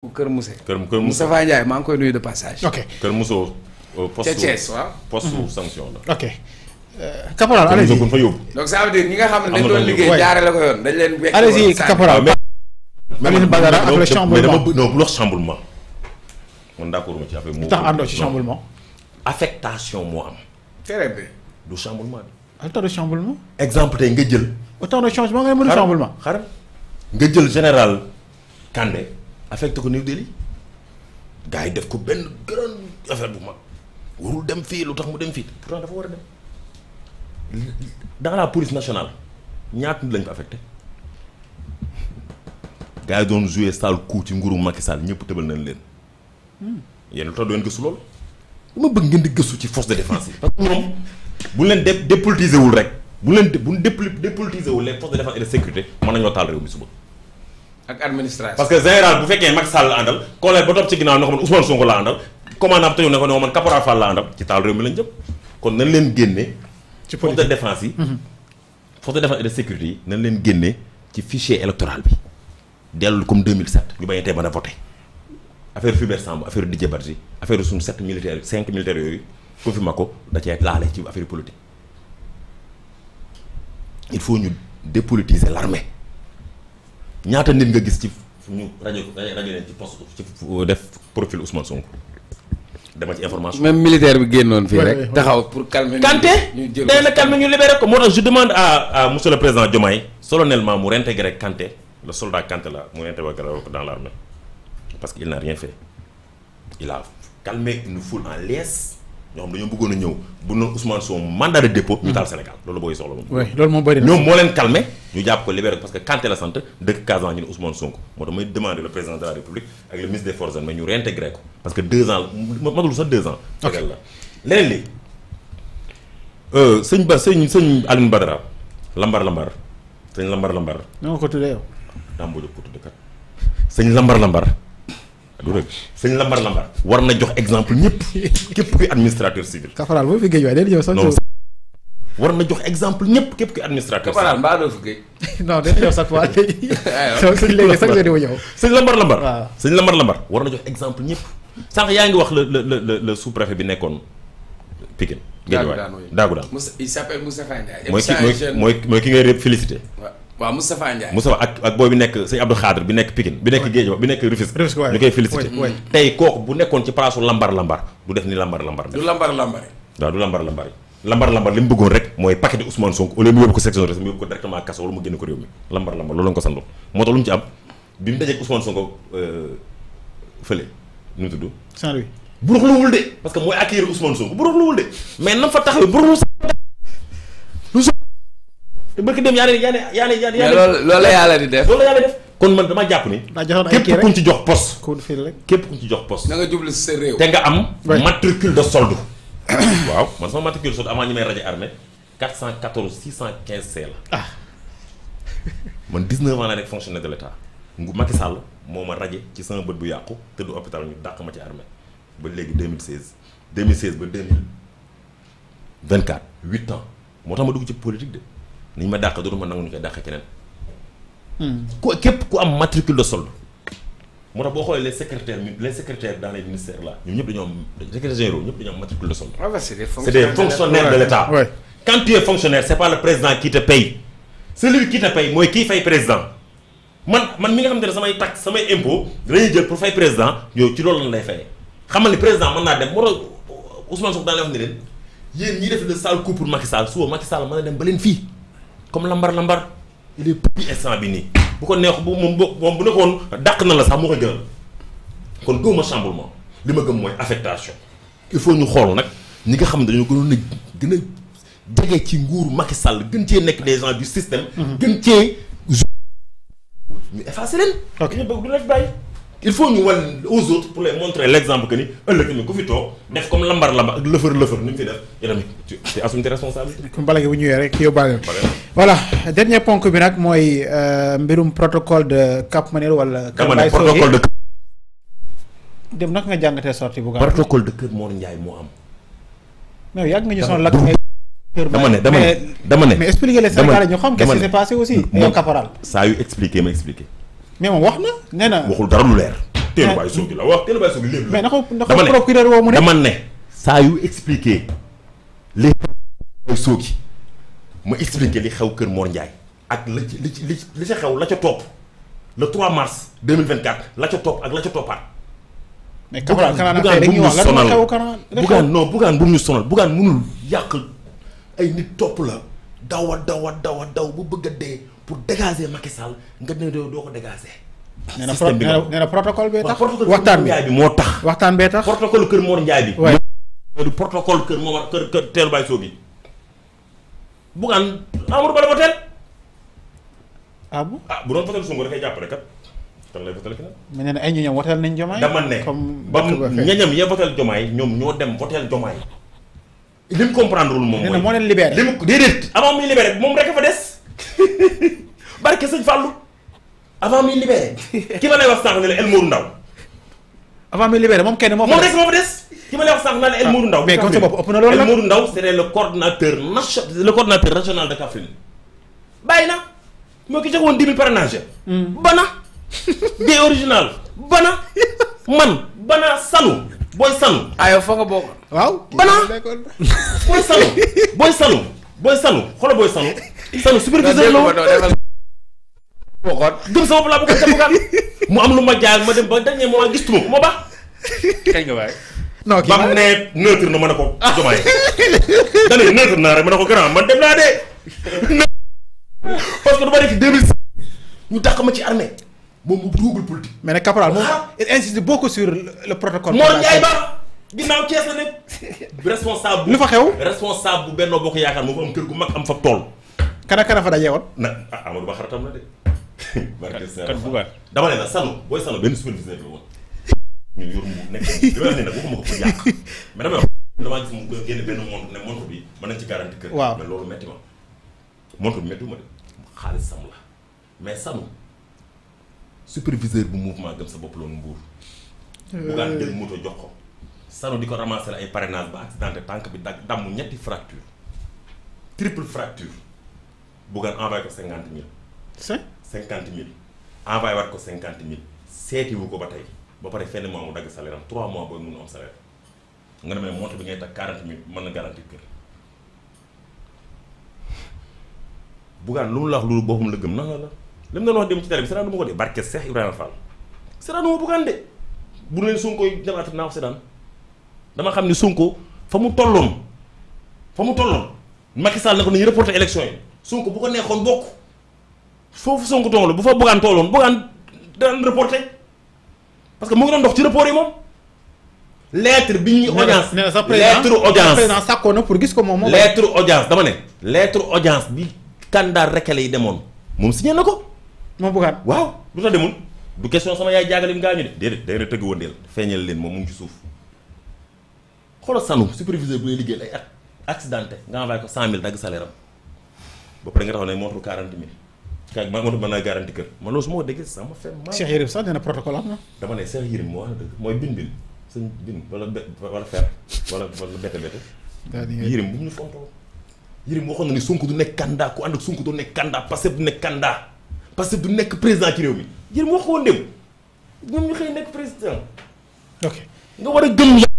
Kër Mousse. Kër Mousse Moustapha Ndiaye maa ngi koy nuyu de passage. ok Kër Mousse euh, poste Thiès waaw poste sanction la. ok euh, caporal allez-y ñi nga xam ne dañ doon liggéey jaare la ko yoon dañ leen. wekk allez-y caporal Lamine Badara ak le chamboulement mais ma ci affaire moo. tax àndoo ci chamboulement. affectation moo am. très bi du chamboulement ma al temps de chamboulement. exemple tey nga jël. au temps de changement nga ne ma du nga jël général Kandé. affecté ko New Delhi gars yi def ko benn grande affaire bu mag warul dem fii lu tax mu dem fii pourtant dafa war a dem dans la police nationale ñaata nit lañ ko affecté gars yi doon joué sale coup ci nguuru Macky Sall ñëpp tëbal nañ leen hmm. yéen lu tax doon gëstu loolu dama bëgg ngeen di gëstu ci force de défense yi parce que ñoom bu leen de dépolitisé wul rek bu leen bu dépolitisé wul les forces de défense et sécurité mën nañoo taal réew mi suba ak administration. parce que général bu fekkee Macky Sall la àndal collègue ba topp ci ginnaaw ko ne àndal ci taal réew mi lañ jëm kon nañ leen génne. ci force de défense yi. Mhm. force de défense et de sécurité yi ñu bañ tee mën a voté affaire Fulbert Sambou affaire Didier Badji affaire suñu sept cinq militaires yooyu confirmé ko da cee ci affaire politique il faut ñu dépolitiser l' ñaata nit nga gis ci ñu rajo rajo leen ci poste ci def profil Ousmane Sonko dama ci information. même militaire bi génnoon fii rek. taxaw pour calmer. Kanté day na calmer ñu libéré ko moo tax je demande à à monsieur le président Diomaye solennellement mu réintégrer Kanté le soldat Kanté la mu réintégrer ko dans l' armée parce que il n'a rien fait il a calmé une foule en liesse ñoo xam dañoo bëggoon a ñëw bu noon Ousmane Sonko mandat de dépôt ñu taal Sénégal loolu booy soxla moom loolu moo bëri ñoom moo leen calmé ñu jàpp ko libéré parce que Kanté la sant dëkk Casamance ñu ne Ousmane Sonko moo tax may demandé le président de la République ak le ministre des forces armées ñu réintégré ko parce que deux ans la matul sax deux ans tegal la leneen li euh, sëñ ba sëñ sëñ Alioune Badara lambar lambar sëñ lambar lambar na nga ko tuddee yow daam boo ko tuddee sëñ lambar lambar du rëgg sëñ lambar lambar war na jox exemple ñëpp képp kuy administrateur civil. caporal boo fi géej waaye dañuy ñëw sax. war na jox exemple ñëpp képp kuy administrateur civil. caporal mbaa doo fi géej. non dañuy ñëw sax waa léegi. suñ léegi war na jox exemple ñëpp. sànq yaa ngi wax le le le le sous préfet bi nekkoon Pikine. daagu daan mooy mooy ki ngay félicité. waaw Moustapha Ndiaye Moustapha ak ak booy bi nekk sëñ Abdou Khadre bi nekk Pikine bi nekk Géej bi nekk Rufisque ñu koy félicité tey kooku bu nekkoon ci palaasu lambar lambar du def ni lambar lambar du lambar lambar waaw du lambar lambar mu bëggoon rek mooy mu yóbbu ko section mu yóbbu ko mu génne ko réew mi lambar lambar moo tax lu mu ci am bi mu dajeeg Ousmane Sonko euh, fële nu mu tudd de parce que mooy accueillir Ousmane Sonko buruxluwul de mais te bëgg dem yaa ne yaa ne yaa ne yaa ne. mais loolu loolu la yàlla de def loolu la yàlla di def. kon man dama jàpp ni. daa joxoon ay kii rek képp ku ci jox post képp ku ñu ci jox poste. na nga jublu sa réew. te nga am. matricule de solde. waaw man sama matricule de solde avant ñu may rajo armée 414 615 C la. ah man 19 ans laa nekk fonctionnaire de l' état ngu Macky Sall moo ma rajo ci sama bët bu yàqu te du hôpital ñu dàq ma ci armée ba léegi 2016 2016 ba 2024 8 ans moo tax ma dugg ci politique de. ñu ma dàq dootuma nangu ñu koy dàq keneen. Hmm. ku képp ku am matricule de solde. moo tax boo xoolee les secrétaires les secrétaires dans les ministères là ñoom ñëpp dañoo am secrétaires généraux ñëpp dañoo am matricule de solde. Ah, c'est des fonctionnaires de l'État ouais. quand tu es fay président man man mi nga xam ne samay taxe samay impôt jël pour fay président yow ci loolu lan lay fayee xamal ni président mën naa dem moo tax Ousmane Sonko daan lay wax ne leen yéen ñi def le sale coup pour Macky Sall suba Macky Sall mën na dem ba fii comme lambar lambar il est petit instant bi nii bu ko neex bu moom moom bu nekkoon dàq na la sax moo koy gënal kon gëwuma chamboulement li ma gëm mooy affectation il faut ñu xool nag ñi nga xam ne dañoo gën a jege ci nguuru Macky sàll gën cee nekk des gens du système. Mhm. gën cee. ñu effacé leen. ok ñu bëgg du nekk bàyyi. il faut ñu wan aux autres pour les montrer l' exemple que ni ëllëg ni ku fi toog def comme lambar lambar ak lëfër dernier ponk bi nag mooy euh, mbirum protocole de Cap Manuel wala. Kër Mbaye protocole de. dem naka nga jàngatee sortie bu gaaw. protocole de Kër Mor Ndiaye moo am. non yàgg nga ñu sonal lakk ay. dama ne dama ne dama ne mais expliquer les Sénégalais ñu xam qu'est-ce qui s'est aussi. mon caporal saa yu expliqué ma expliqué. mais moom wax na nee na. waxul dara lu leer. teelu bàyyi soogi la wax teelu bàyyi soogi lépp la. mais na ko na ko procureur woo mu ne dama ne saa yu expliqué li xew soogi ma expliqué li xew kër Mor Ndiaye ak la ci li ci li ci xew la ca topp le 3 mars 2024 la ca topp ak la ca toppaat. mais Camara Camara tey dañuy wax lan moo xew Camara bugaan non bugaan bu mu ñu sonal bugaan mënul yàq ay nit topp la. daw a daw a daw a daw bu bëgg a dee pour dégager Macky Sall nga ne doo ko dégager. système bi nga nee na protocole bee tax waxtaan bi moo tax. waxtaan bee tax protocole Kër Mor Ndiaye bi. waay du protocole Kër Momar Kër Kër Teeru Baye Sow bi. Bougane Amadou Ba la voté. ah bu ah bu doon voté Sonko jàppale kat. kan ay ñoom voté nañ Diomaye. ne comme ba mu ñañam ya voté Diomaye ñoom ñoo dem voté Diomaye. li mu comprendre wul moom. moo leen libéré li mu déedéet. avant muy libéré moom rek fa des barke sëñ Fallou avant muy libéré ki ma lay wax sànq ne la El Mourou Ndaw. avant muy libéré moom kenn moo fa des moom rek moo fa des. ki ma lay wax sànq naa la ah, El Mourou Ndaw. mais comme sa bopp ëpp na loolu El Mourou Ndaw c'était le coordonnateur nation le coordonnateur régional de Kaffrine bàyyi na moo ki jox woon dix mille parrainage. Hmm. bana des original bana man bana sanu booy sanu. waaw banaa booy salu booy salu booy salu xoolal booy salu salu superviseur la woon waxoon gëm sama balaa bu ko jàppkaan mu am lu ma jaar ma dem ba dernier moment gis tuma ko ma baax kañ nga waay non kii ba mu ne na ma ne ko jomaay a ne naa ma ne ko grand man dem naa de parce que du ma nekk 2006 ñu dàq ma ci armée moom mu duggul politique mais nag caporal moom ah. il insiste beaucoup sur le protocole Mor Ndiaye Ba ginnaaw Thiès la nekk. responsable lu fa xew. responsable bu Benno Bokk Yaakaar moo fa am kër gu mag am fa tool. kana kana fa dajeewoon. na ah Amadou Ba xaritam la de. kat kat bu baax dama ne la sanu booy sanu ñu yor mu nekk li ma damaa gis mu génne benn montre ne montre bi mën nañ ci garanti kër. waaw mais loolu métti ma montre bi métti ma de xaalis sam la mais sanu superviseur bu mouvement gëm sa bopp loolu mbuur. Euh. bu gaan jël moto jox ko. Sanu di ko ramasser ay parrainage ba accidenté tànk bi dagg damm ñetti fracture triple fracture Bougane envoyé ko cinquante mille. c'est cinquante mille. envoyé ko cinquante mille seetiwu ko ba tey ba pare fenn mois mu dagg salaire trois mois booy mun a am salaire nga demee montre bi ngay takk quarante mille mën na garantir kër. Bougane lu mu la wax loolu boppam la gëm la la mu doon wax dem ci télé bi seetaan du ma ko de bu leen su ma dama xam ni sunk fa mu tolloon fa mu tolloon Macky Sall na ko nañu reporté élection yi Sonko bu ko neexoon bokk foofu Sonko tolloon bu fa bëggaan tolloon bëggaan daan reporté parce que mu ngi doon dox ci report yi moom. lettre bi ñuy audience nee na sax président président sàkkoon pour gis ko moom moom. lettre audience dama ne. lettre audience bi candidat rekale yi demoon moom signé na ko. moom bëggaan waaw lu tax demul du question sama yaay jàngale nga ñu de déedéet da ngeen a tëgg woon deel feeñal leen moom mu ci suuf. xoolal sanu superviseur bu lay liggéeyal ay accidenté nga envoyé ko 100000 dagg salaire am ba pare nga taxaw ne montre 40000 ka maa ngi mën naa garanti kër man loolu su ma ko déggee sama fenn maa. Cheikh Yérim sax nee na protocole am na. dama ne Cheikh Yérim moo wax dëgg mooy bin bin sëñ bin wala be wala fer wala wala bette bette. daa di Yérim bu mu ñu fontoo. Yérim waxoon na ni Sonko du nekk candidat ku ànd ak Sonko du nekk candidat Pastef du nekk candidat Pastef du nekk président ci réew mi Yérim wax ko woon démb ñoom ñu xëy nekk président. ok nga war a gëm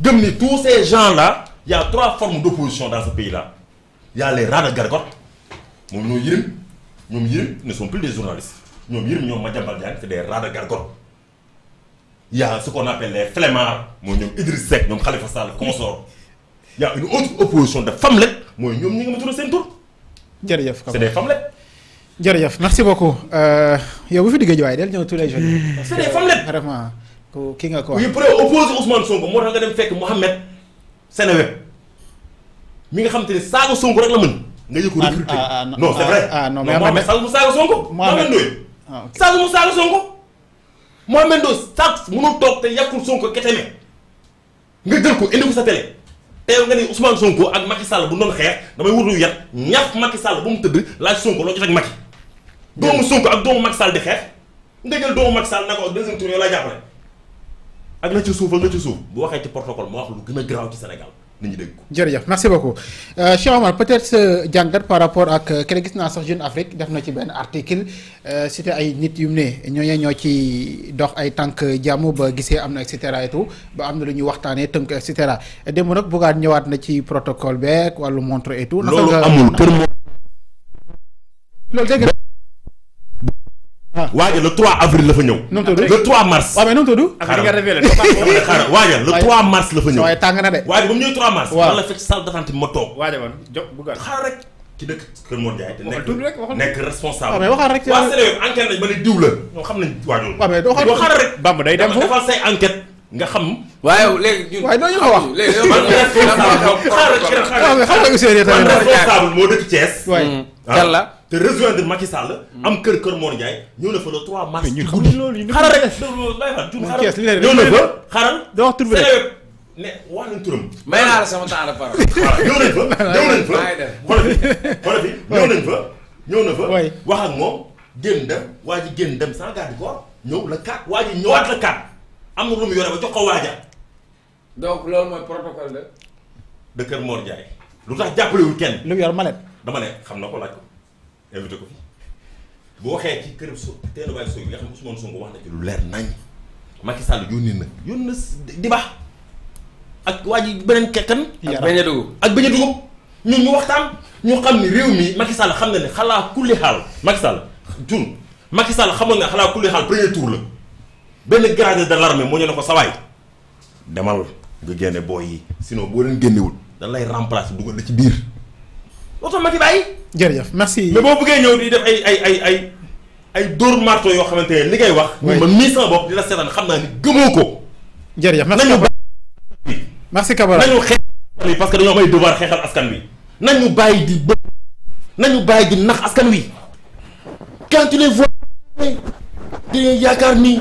gëm ni tous ces gens là il trois formes d'opposition dans ce pays là il y a les de gargote moom ñoo yërëm ñoom yërëm ne sont plus des journalistes ñoom yërëm ñoom Madiambal Diagne c'est des rats de gargote il y a ce les flemmards mooy ñoom Idriss Seck ñoom Khalifa Sall consort il y a une autre opposition de femmelettes mooy ñoom ñi nga ma tudd seen tur. jërëjëf c'est des femmelettes. jërëjëf merci beaucoup euh, yow bu fi diggee jiwaay del ñëw tous les jours. c'est des femmelettes vraiment. ki nga ko wax. oui pour opposé Ousmane Sonko moo tax nga dem fekk Mouhamed Seneweb mi nga xam te ne saaga Sonko rek la mën. nga yëg ko ah, recruté ah, ah, non c'est vrai. ah nga jël ko indi ko sa télé. tey nga ni Ousmane Sonko ak Macky Sall bu doon xeex damay wutlu yat ñàkk Macky Sall ba mu tëdd laa Sonko loo jot ak Macky doomu Sonko ak doomu Macky Sall di xeex nga jël doomu Macky Sall na ko deuxième tour yow laa jàppale ak la ci suuf ak la ci suuf bu waxee ci protocole moo wax lu gën a garaaw ci Sénégal nit ñi dégg ko. jërëjëf merci beaucoup euh, Cheikh Omar peut sa jàngat par rapport ak euh, keneen gis naa sax Jeune Afrique def na ci benn article euh, cité ay nit yu ne ñooñu ñoo ci dox ay tànk jàmm ba gisee am na et cetera et ba am na lu ñuy waxtaanee tënk et cetera démb nag bugaat ñëwaat na ci protocole beeg wàllu montre et tout. loolu amul kër Ah. waaja le 3 avril la fa ñëw. le 3 mars. waaw mais nu mu tudd. Ah, xaaral waaja le 3 mars la fa ñëw. waaye tàng na de. waaja ba mu ñëw 3 mars. waaw man nekk responsable. Ah, waaw ba ne diw xam nañ waajoo. waaw mais doo xaaral rek. bamb day dem foofu nga xam. waaye léegi ñun. waaye doo ñu ko wax. léegi yow man responsable. xaaral xaaral xaaral xaaral xaaral xaaral xaaral xaaral xaaral xaaral te rejoindre Macky Sall. am kër kër Mor Ndiaye ñëw na fa le 3 mars. ci guddi loolu xaral rek ñëw na fa xaral. doo wax tur bi ne wax nañ turam. may naa la sama temps de parole. ñëw nañ fa ñëw nañ fa xoolal fi xoolal fi ñëw nañ fa. ñëw na fa wax ak moom génn dem waa ji génn dem sans garde corps ñëw la kat waa ji ñëwaat la kat am na lu mu yore ba jox ko waaja. donc loolu mooy protocole de. de kër Mor Ndiaye. lu tax jàppalewul kenn. lu yor malet dama ne xam na ko laaj ko. invité ko fi waxee ci kër so teenu bàyyi sooy bi nga xam Ousmane Sonko wax na ci lu leer nañ Macky Sall yónni na yónni na di baax ak waa ji beneen kekkan ak bañ a dugg ak bañ a dugg ñu waxtaan ñu xam ni réew mi Macky Sall xam na ne xalaa kulli xaal Macky Sall jun Macky Sall xamoon nga xalaa kulli xaal premier tour la benn gradé de l'armée moo ñu ko sawaay demal nga génne booy yi sinon boo leen génnewul dañ lay remplacer dugal la ci biir dootoo ma ci bàyyi. jërëjëf merci. mais boo bëggee ñëw di def ay ay ay ay ay dóor marto yoo xamante ne li ngay wax. oui man mii sama bopp di la seetaan xam naa ni gëmoo ko. jërëjëf merci Kabara nañu merci Kabara nañu xeexal parce que dañoo am ay devoir xeexal askan wi nañu bàyyi di bë nañu bàyyi di nax askan wi quand tu les vois dañuy yaakaar ni.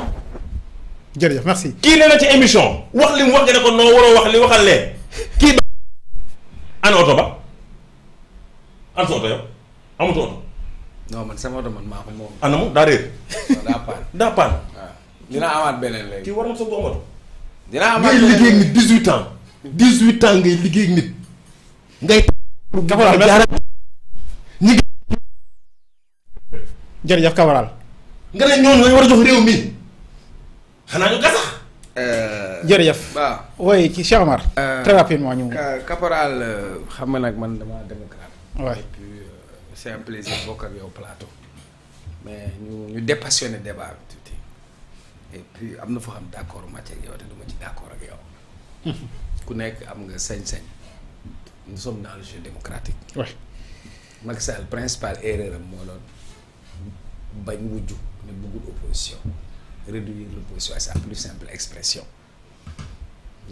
jërëjëf merci. kii nee na ci émission wax li mu wax nga ne noo waroo wax li waxal kii. ana oto ba. an sa oto yow amatu oto. non man sama oto man maa ko moom. na mu daa réer. daa paan ah, dinaa amaat beneen léegi. kii war na soog a amatu. dinaa amaat beneen ngay liggéey nit 18 ans 18 ans ngay liggéey nit. ngay. caporal nga ne ñoom ñooy war a jox réew mi xanaa ñu gasax. Euh, jërëjëf. waaw oui ci Cheikh Omar. Euh, très rapidement ñu. Euh, caporal xam nga nag man damaa démocrate. Ouais. et puis euh, c'est un mais ñu ñu dépassionné débat bi tuuti am na foo xam d'accord ma ci ak yow te du ma ku nekk am nga sañ-sañ. nous sommes dans le jeu démocratique. oui Macky Sall principal erreur am moo doon bañ wujj ne bëggul opposition réduire simple expression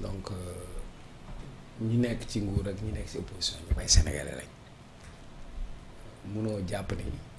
donc euh, ñu nekk ci nguur ak ñu nekk ci opposition ñëpp ay sénégalais lañ. munoo jàpp ni